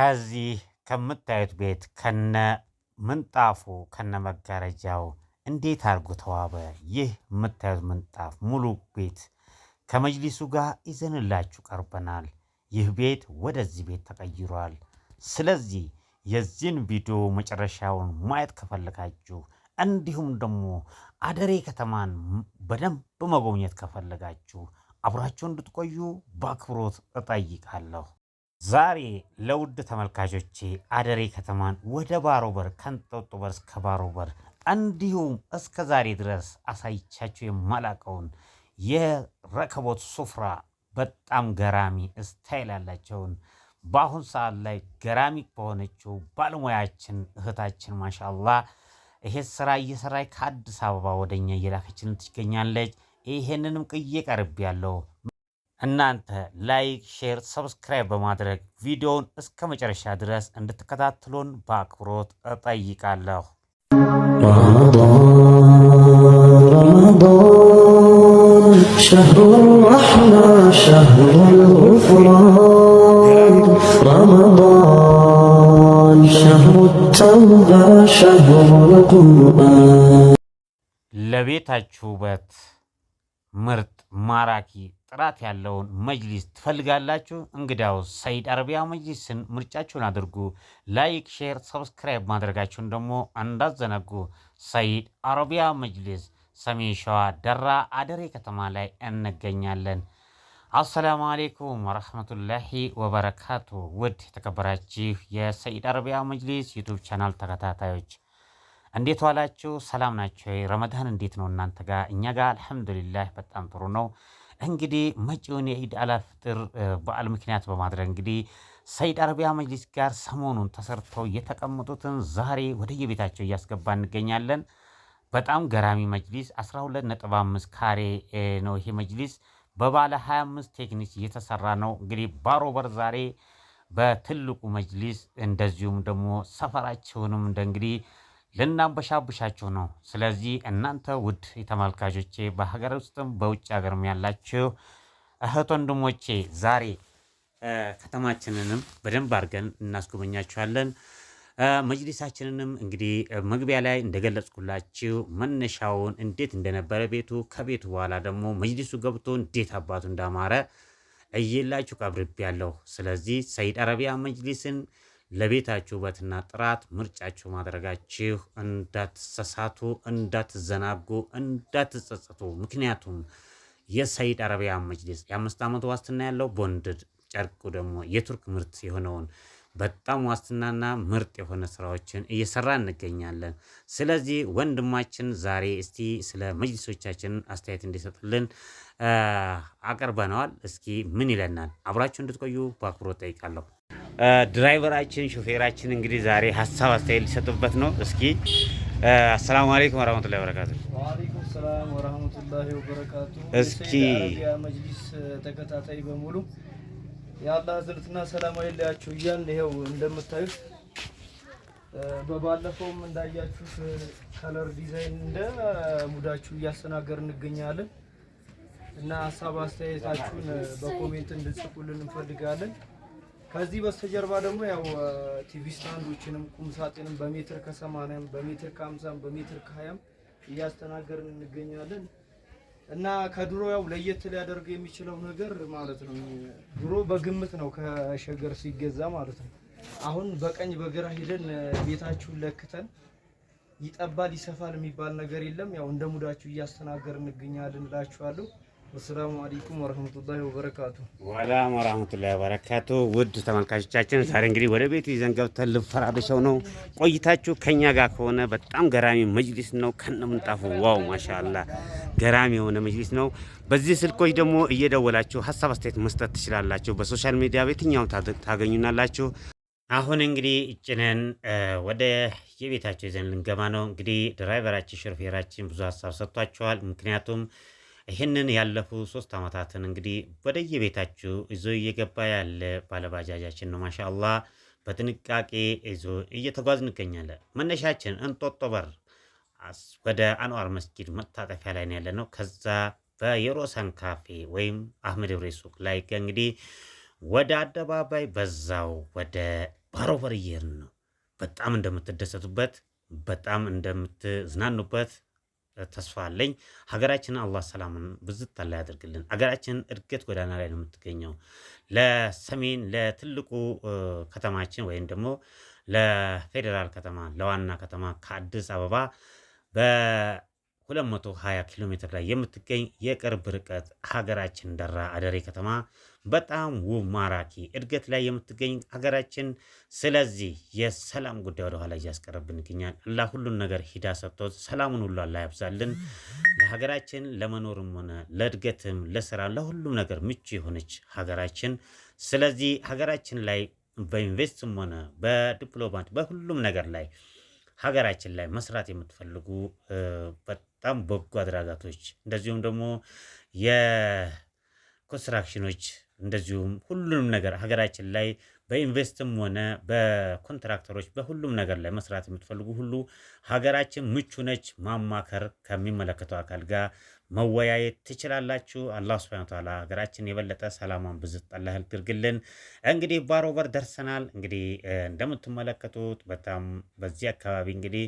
ከዚህ ከምታዩት ቤት ከነ ምንጣፉ ከነ መጋረጃው እንዴት አድርጎ ተዋበ! ይህ የምታዩት ምንጣፍ ሙሉ ቤት ከመጅሊሱ ጋር ይዘንላችሁ ቀርበናል። ይህ ቤት ወደዚህ ቤት ተቀይሯል። ስለዚህ የዚህን ቪዲዮ መጨረሻውን ማየት ከፈለጋችሁ እንዲሁም ደግሞ አደሬ ከተማን በደንብ መጎብኘት ከፈለጋችሁ አብራችሁ እንድትቆዩ በአክብሮት እጠይቃለሁ። ዛሬ ለውድ ተመልካቾቼ አደሬ ከተማን ወደ ባሮ በር ከእንጦጦ በር እስከ ባሮ በር እንዲሁም እስከ ዛሬ ድረስ አሳይቻችሁ የማላቀውን የረከቦት ስፍራ በጣም ገራሚ ስታይል ያላቸውን በአሁን ሰዓት ላይ ገራሚ በሆነችው ባለሙያችን እህታችን ማሻላ ይሄ ስራ እየሰራች ከአዲስ አበባ ወደኛ እየላከችን ትገኛለች። ይሄንንም ቅዬ ቀርብ ያለው እናንተ ላይክ፣ ሼር፣ ሰብስክራይብ በማድረግ ቪዲዮውን እስከ መጨረሻ ድረስ እንድትከታተሉን በአክብሮት እጠይቃለሁ። ለቤታችሁ ውበት ምርጥ ማራኪ ጥራት ያለውን መጅሊስ ትፈልጋላችሁ? እንግዳው ሰይድ አረቢያ መጅሊስን ምርጫችሁን አድርጉ። ላይክ፣ ሼር፣ ሰብስክራይብ ማድረጋችሁን ደግሞ እንዳዘነጉ። ሰይድ አረቢያ መጅሊስ ሰሜን ሸዋ ደራ አደሬ ከተማ ላይ እንገኛለን። አሰላሙ አሌይኩም ወረህመቱላሂ ወበረካቱ። ውድ የተከበራችሁ የሰይድ አረቢያ መጅሊስ ዩቱብ ቻናል ተከታታዮች እንዴት ዋላችሁ? ሰላም ናቸው? ረመዳን እንዴት ነው እናንተ ጋር? እኛ ጋር አልሐምዱሊላህ በጣም ጥሩ ነው። እንግዲህ መጪውን የኢድ አላ ፍጥር በዓል ምክንያት በማድረግ እንግዲህ ሰይድ አረቢያ መጅሊስ ጋር ሰሞኑን ተሰርተው የተቀመጡትን ዛሬ ወደየቤታቸው እያስገባ እንገኛለን። በጣም ገራሚ መጅሊስ 12.5 ካሬ ነው። ይሄ መጅሊስ በባለ 25 ቴክኒክ እየተሰራ ነው። እንግዲህ ባሮበር ዛሬ በትልቁ መጅሊስ እንደዚሁም ደግሞ ሰፈራቸውንም እንደ እንግዲህ ልናንበሻብሻችሁ ነው። ስለዚህ እናንተ ውድ ተመልካቾቼ በሀገር ውስጥም በውጭ ሀገርም ያላችሁ እህት ወንድሞቼ ዛሬ ከተማችንንም በደንብ አድርገን እናስጎበኛችኋለን። መጅሊሳችንንም እንግዲህ መግቢያ ላይ እንደገለጽኩላችሁ መነሻውን እንዴት እንደነበረ ቤቱ ከቤቱ በኋላ ደግሞ መጅሊሱ ገብቶ እንዴት አባቱ እንዳማረ እየላችሁ ቀብርቤ ያለሁ። ስለዚህ ሰይድ አረቢያ መጅሊስን ለቤታችሁ ውበትና ጥራት ምርጫችሁ ማድረጋችሁ እንዳትሰሳቱ፣ እንዳትዘናጉ፣ እንዳትጸጸቱ። ምክንያቱም የሰይድ አረቢያ መጅሊስ የአምስት ዓመት ዋስትና ያለው ቦንድድ ጨርቁ ደግሞ የቱርክ ምርት የሆነውን በጣም ዋስትናና ምርጥ የሆነ ስራዎችን እየሰራ እንገኛለን። ስለዚህ ወንድማችን ዛሬ እስቲ ስለ መጅሊሶቻችን አስተያየት እንዲሰጥልን አቅርበነዋል። እስኪ ምን ይለናል? አብራችሁ እንድትቆዩ በአክብሮት ጠይቃለሁ። ድራይቨራችን ሾፌራችን እንግዲህ ዛሬ ሀሳብ አስተያየት ሊሰጡበት ነው። እስኪ አሰላሙ አለይኩም ወረህመቱላሂ ወበረካቱ። ወአለይኩም ሰላም ወረህመቱላሂ ወበረካቱ። እስኪ መጅሊስ ተከታታይ በሙሉ የአላህ እዝነትና ሰላም አይለያችሁ እያል ይኸው እንደምታዩት በባለፈውም እንዳያችሁት ከለር ዲዛይን እንደ ሙዳችሁ እያስተናገር እንገኛለን እና ሀሳብ አስተያየታችሁን በኮሜንት እንድጽፉልን እንፈልጋለን። ከዚህ በስተጀርባ ደግሞ ያው ቲቪ ስታንዶችንም ቁምሳጥንም በሜትር ከ80 በሜትር ከ ከ50 በሜትር ከሀያም እያስተናገርን እንገኛለን እና ከድሮ ያው ለየት ሊያደርገው የሚችለው ነገር ማለት ነው ድሮ በግምት ነው ከሸገር ሲገዛ ማለት ነው። አሁን በቀኝ በግራ ሄደን ቤታችሁን ለክተን ይጠባል ይሰፋል የሚባል ነገር የለም። ያው እንደ ሙዳችሁ እያስተናገርን እንገኛለን እላችኋለሁ። አሰላሙ አለይኩም ወረህመቱላሂ ወበረካቱ። ወላም ወረህመቱላሂ ወበረካቱ። ውድ ተመልካቾቻችን ዛሬ እንግዲህ ወደ ቤት ይዘን ገብተን ልንፈራርሸው ነው። ቆይታችሁ ከኛ ጋር ከሆነ በጣም ገራሚ መጅሊስ ነው ከነ ምንጣፉ። ዋው ማሻላ ገራሚ የሆነ መጅሊስ ነው። በዚህ ስልኮች ደግሞ እየደወላችሁ ሀሳብ አስተያየት መስጠት ትችላላችሁ። በሶሻል ሚዲያ በየትኛውም ታገኙናላችሁ። አሁን እንግዲህ እጭነን ወደ የቤታቸው ይዘን ልንገባ ነው። እንግዲህ ድራይቨራችን ሾፌራችን ብዙ ሀሳብ ሰጥቷቸዋል። ምክንያቱም ይህንን ያለፉ ሶስት ዓመታትን እንግዲህ ወደየቤታችሁ ይዞ እየገባ ያለ ባለባጃጃችን ነው። ማሻአላ በጥንቃቄ ይዞ እየተጓዝ እንገኛለን። መነሻችን እንጦጦ በር ወደ አንዋር መስጊድ መታጠፊያ ላይ ያለ ነው። ከዛ በየሮሳን ካፌ ወይም አህመድ ብሬ ሱቅ ላይ እንግዲህ ወደ አደባባይ በዛው ወደ ባሮበር እየሄድን ነው። በጣም እንደምትደሰቱበት፣ በጣም እንደምትዝናኑበት ተስፋ አለኝ። ሀገራችንን አላህ ሰላምን ብዝት ላይ ያደርግልን። ሀገራችንን እድገት ጎዳና ላይ ነው የምትገኘው። ለሰሜን ለትልቁ ከተማችን ወይም ደግሞ ለፌዴራል ከተማ ለዋና ከተማ ከአዲስ አበባ 220 ኪሎ ሜትር ላይ የምትገኝ የቅርብ ርቀት ሀገራችን ደራ አደሬ ከተማ በጣም ውብ ማራኪ እድገት ላይ የምትገኝ ሀገራችን። ስለዚህ የሰላም ጉዳይ ወደኋላ እያስቀረብን ይገኛል። አላህ ሁሉን ነገር ሂዳ ሰጥቶት ሰላሙን ሁሉ አላህ ያብዛልን። ለሀገራችን ለመኖርም ሆነ ለእድገትም ለስራ ለሁሉም ነገር ምቹ የሆነች ሀገራችን። ስለዚህ ሀገራችን ላይ በኢንቨስትም ሆነ በዲፕሎማት በሁሉም ነገር ላይ ሀገራችን ላይ መስራት የምትፈልጉ በጣም በጎ አድራጋቶች እንደዚሁም ደግሞ የኮንስትራክሽኖች እንደዚሁም ሁሉንም ነገር ሀገራችን ላይ በኢንቨስትም ሆነ በኮንትራክተሮች በሁሉም ነገር ላይ መስራት የምትፈልጉ ሁሉ ሀገራችን ምቹ ነች። ማማከር ከሚመለከተው አካል ጋር መወያየት ትችላላችሁ። አላህ ሱብሃነሁ ተዓላ ሀገራችን የበለጠ ሰላማን ብዝት አላህ እንግዲህ ባሮበር ደርሰናል። እንግዲህ እንደምትመለከቱት በጣም በዚህ አካባቢ እንግዲህ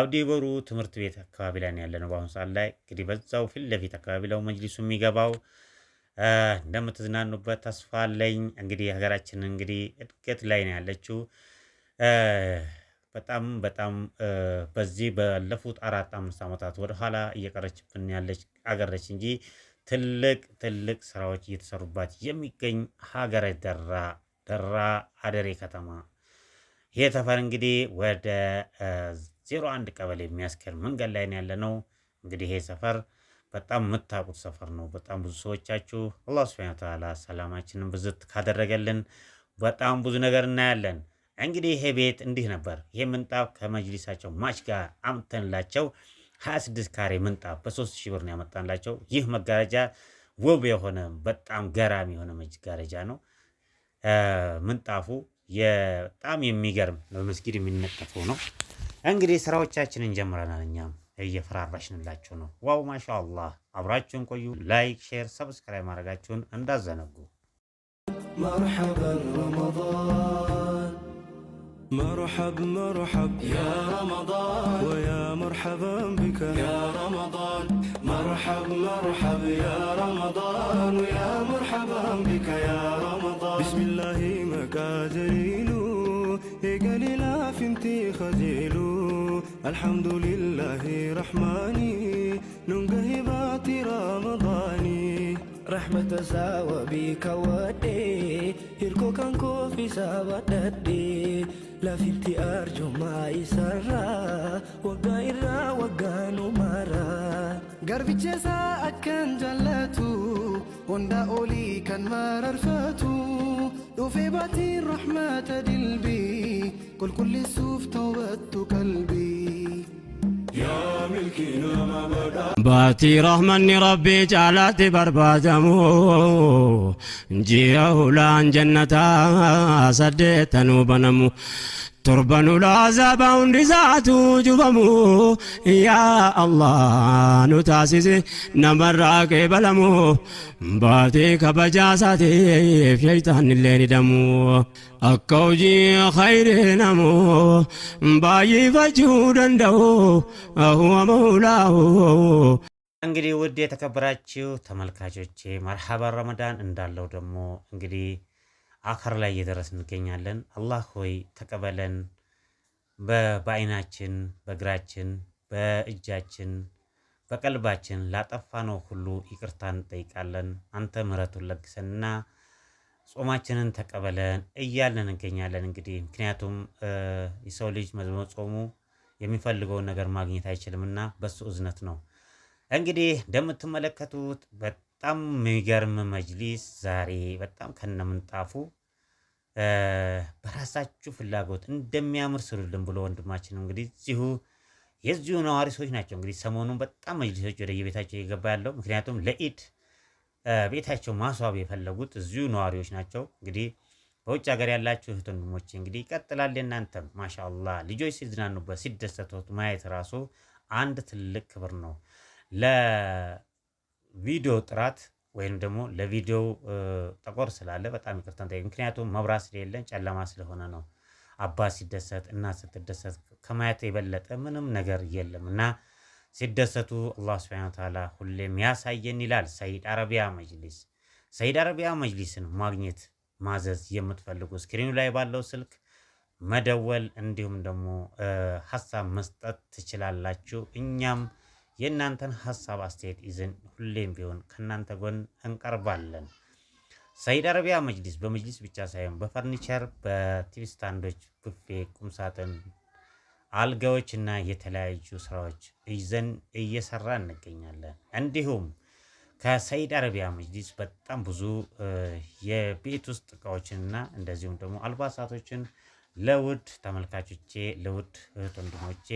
አብዲ በሩ ትምህርት ቤት አካባቢ ላይ ያለነው በአሁኑ ሰዓት ላይ እንግዲህ በዛው ፊት ለፊት አካባቢ ለው መጅሊሱ የሚገባው እንደምትዝናኑበት ተስፋ አለኝ። እንግዲህ ሀገራችን እንግዲህ እድገት ላይ ነው ያለችው። በጣም በጣም በዚህ ባለፉት አራት አምስት ዓመታት ወደኋላ እየቀረችብን ያለች አገረች እንጂ ትልቅ ትልቅ ስራዎች እየተሰሩባት የሚገኝ ሀገረ ደራ ደራ አደሬ ከተማ ይሄ ሰፈር እንግዲህ ወደ ዜሮ አንድ ቀበሌ የሚያስከል መንገድ ላይ ያለ ነው። እንግዲህ ይሄ ሰፈር በጣም የምታውቁት ሰፈር ነው። በጣም ብዙ ሰዎቻችሁ አላህ ስብሐነ ወተዓላ ሰላማችንን ብዝት ካደረገልን በጣም ብዙ ነገር እናያለን። እንግዲህ ይሄ ቤት እንዲህ ነበር። ይሄ ምንጣፍ ከመጅሊሳቸው ማች ጋር አምተንላቸው 26 ካሬ ምንጣፍ በ 3000 ብር ነው ያመጣንላቸው። ይህ መጋረጃ ውብ የሆነ በጣም ገራሚ የሆነ መጋረጃ ነው። ምንጣፉ በጣም የሚገርም በመስጊድ የሚነጠፈው ነው። እንግዲህ ስራዎቻችንን ጀምረናል እኛም እየፈራረሽንላችሁ ነው። ዋው ማሻ አብራችሁን ቆዩ። ላይክ፣ ሼር፣ ሰብስክራይብ ማድረጋችሁን እንዳዘነጉ። መርሐበን ረመዳን መርሐብ መርሐብ ያ ረመዳን ወያ መርሐበን ቢከ ያ ረመዳን መርሐብ መርሐብ ያ ረመዳን ወያ መርሐበን ቢከ ያ ረመዳን ቢስሚላሂ መቃደሪሉ የገሊላ ፊንቲ ኸዚሉ الحمد لله رحماني ننقه بات رمضاني رحمة ساوى بك ودي هيركو كان كوفي ساوى ددي لا في التئار جمع إسارة وقائرة وقانو مارا قربي جزاء كان جلاتو وندا أولي كان مرار فاتو وفي باتي رحمة دلبي كل كل سوف توبت قلبي Baatii rahmanni rabbii caalaatti barbaadamu ji'a hulaan jannataa saddeettanuu banamu. torbanula azabaan dhisaatu cufamu yaa allah nu taasise namarraa qeebalamu baatee kabajaa saateef shaytaanillee ni damu akka hojii khayri namu baay'ifachuu danda'u huwa mawlaahu እንግዲህ ውድ የተከበራችሁ ተመልካቾቼ መርሐባ ረመዳን እንዳለው ደግሞ እንግዲህ አከር ላይ እየደረስ እንገኛለን። አላህ ሆይ ተቀበለን። በአይናችን፣ በእግራችን፣ በእጃችን፣ በቀልባችን ላጠፋ ነው ሁሉ ይቅርታ እንጠይቃለን። አንተ ምህረቱን ለግሰንና ጾማችንን ተቀበለን እያለን እንገኛለን። እንግዲህ ምክንያቱም የሰው ልጅ መዝሞ ጾሙ የሚፈልገውን ነገር ማግኘት አይችልምና በሱ እዝነት ነው። እንግዲህ እንደምትመለከቱት በጣም የሚገርም መጅሊስ ዛሬ በጣም ከነምንጣፉ በራሳችሁ ፍላጎት እንደሚያምር ስሩልን ብሎ ወንድማችን እንግዲህ እዚሁ የዚሁ ነዋሪ ሰዎች ናቸው። እንግዲህ ሰሞኑን በጣም መጅሊሶች ወደ የቤታቸው እየገባ ያለው ምክንያቱም ለኢድ ቤታቸው ማስዋብ የፈለጉት እዚሁ ነዋሪዎች ናቸው። እንግዲህ በውጭ ሀገር ያላችሁ እህት ወንድሞች እንግዲህ ይቀጥላል። እናንተም ማሻላ ልጆች ሲዝናኑበት ሲደሰቱት ማየት ራሱ አንድ ትልቅ ክብር ነው። ቪዲዮ ጥራት ወይም ደግሞ ለቪዲዮ ጠቆር ስላለ በጣም ይቅርታ። ምክንያቱም መብራት ስለሌለን ጨለማ ስለሆነ ነው። አባት ሲደሰት እናት ስትደሰት ከማየት የበለጠ ምንም ነገር የለም እና ሲደሰቱ አላህ ሱብሓነሁ ወተዓላ ሁሌም ያሳየን ይላል ሰይድ አረቢያ መጅሊስ። ሰይድ አረቢያ መጅሊስን ማግኘት ማዘዝ የምትፈልጉ ስክሪኑ ላይ ባለው ስልክ መደወል እንዲሁም ደግሞ ሀሳብ መስጠት ትችላላችሁ እኛም የእናንተን ሀሳብ አስተያየት ይዘን ሁሌም ቢሆን ከእናንተ ጎን እንቀርባለን። ሰይድ አረቢያ መጅሊስ በመጅሊስ ብቻ ሳይሆን በፈርኒቸር፣ በቲቪ ስታንዶች፣ ቡፌ፣ ቁምሳጥን፣ አልጋዎች እና የተለያዩ ስራዎች ይዘን እየሰራ እንገኛለን። እንዲሁም ከሰይድ አረቢያ መጅሊስ በጣም ብዙ የቤት ውስጥ እቃዎችንና እንደዚሁም ደግሞ አልባሳቶችን ለውድ ተመልካቾቼ ለውድ እህት ወንድሞቼ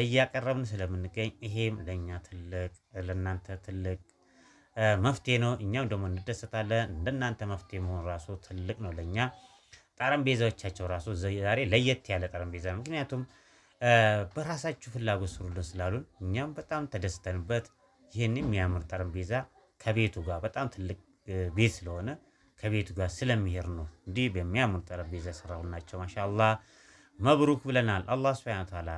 እያቀረብን ስለምንገኝ ይሄም ለእኛ ትልቅ ለእናንተ ትልቅ መፍትሄ ነው። እኛም ደግሞ እንደሰታለን። እንደናንተ መፍትሄ መሆን ራሱ ትልቅ ነው ለእኛ። ጠረጴዛዎቻቸው ራሱ ዛሬ ለየት ያለ ጠረጴዛ ነው። ምክንያቱም በራሳችሁ ፍላጎት ስሩልን ስላሉን እኛም በጣም ተደስተንበት ይህን የሚያምር ጠረጴዛ ከቤቱ ጋር በጣም ትልቅ ቤት ስለሆነ ከቤቱ ጋር ስለሚሄድ ነው። እንዲህ በሚያምር ጠረጴዛ የሰራሁላቸው ማሻአላህ መብሩክ ብለናል። አላህ ሱብሃነሁ ወተዓላ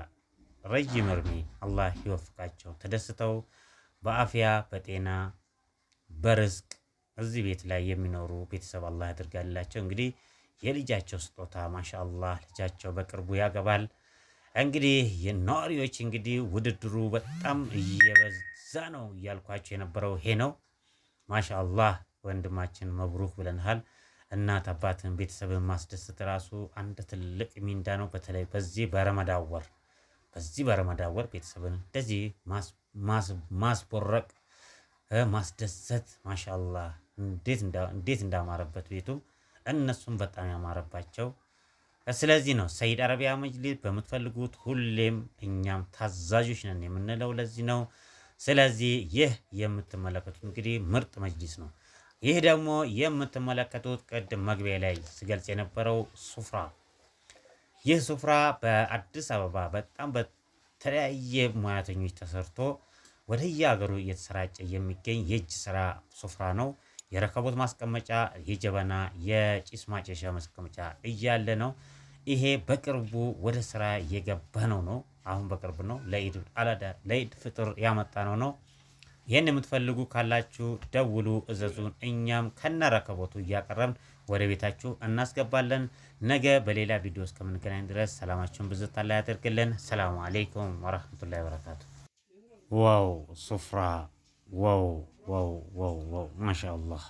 ረጅም እርሜ አላህ ይወፍቃቸው። ተደስተው በአፍያ በጤና በርዝቅ እዚህ ቤት ላይ የሚኖሩ ቤተሰብ አላህ ያድርጋላቸው። እንግዲህ የልጃቸው ስጦታ ማሻ ልጃቸው በቅርቡ ያገባል። እንግዲህ የነዋሪዎች እንግዲህ ውድድሩ በጣም እየበዛ ነው እያልኳቸው የነበረው ይሄ ነው። ማሻ ወንድማችን መብሩክ ብለንሃል። እናት አባትን ቤተሰብን ማስደሰት ራሱ አንድ ትልቅ ሚንዳ ነው። በተለይ በዚህ በረመዳን ወር በዚህ በረመዳ ወር ቤተሰብን እንደዚህ ማስቦረቅ ማስደሰት፣ ማሻላ እንዴት እንዳማረበት ቤቱም እነሱም በጣም ያማረባቸው። ስለዚህ ነው ሰይድ አረቢያ መጅሊስ በምትፈልጉት ሁሌም እኛም ታዛዦች ነን የምንለው ለዚህ ነው። ስለዚህ ይህ የምትመለከቱት እንግዲህ ምርጥ መጅሊስ ነው። ይህ ደግሞ የምትመለከቱት ቅድም መግቢያ ላይ ስገልጽ የነበረው ሱፍራ ይህ ስፍራ በአዲስ አበባ በጣም በተለያየ ሙያተኞች ተሰርቶ ወደየ ሀገሩ እየተሰራጨ የሚገኝ የእጅ ስራ ስፍራ ነው። የረከቦት ማስቀመጫ፣ የጀበና፣ የጭስ ማጨሻ ማስቀመጫ እያለ ነው። ይሄ በቅርቡ ወደ ስራ እየገባ ነው ነው አሁን በቅርብ ነው ለኢድ ፍጥር ያመጣ ነው ነው። ይህን የምትፈልጉ ካላችሁ ደውሉ፣ እዘዙን። እኛም ከነረከቦቱ ። እያቀረብን ወደ ቤታችሁ እናስገባለን። ነገ በሌላ ቪዲዮ እስከምንገናኝ ድረስ ሰላማችሁን ብዝታ ላይ ያደርግልን። ሰላሙ አሌይኩም ወረህመቱላሂ ወበረካቱ። ዋው ሱፍራ ዋው ዋው ዋው ዋው ማሻአላህ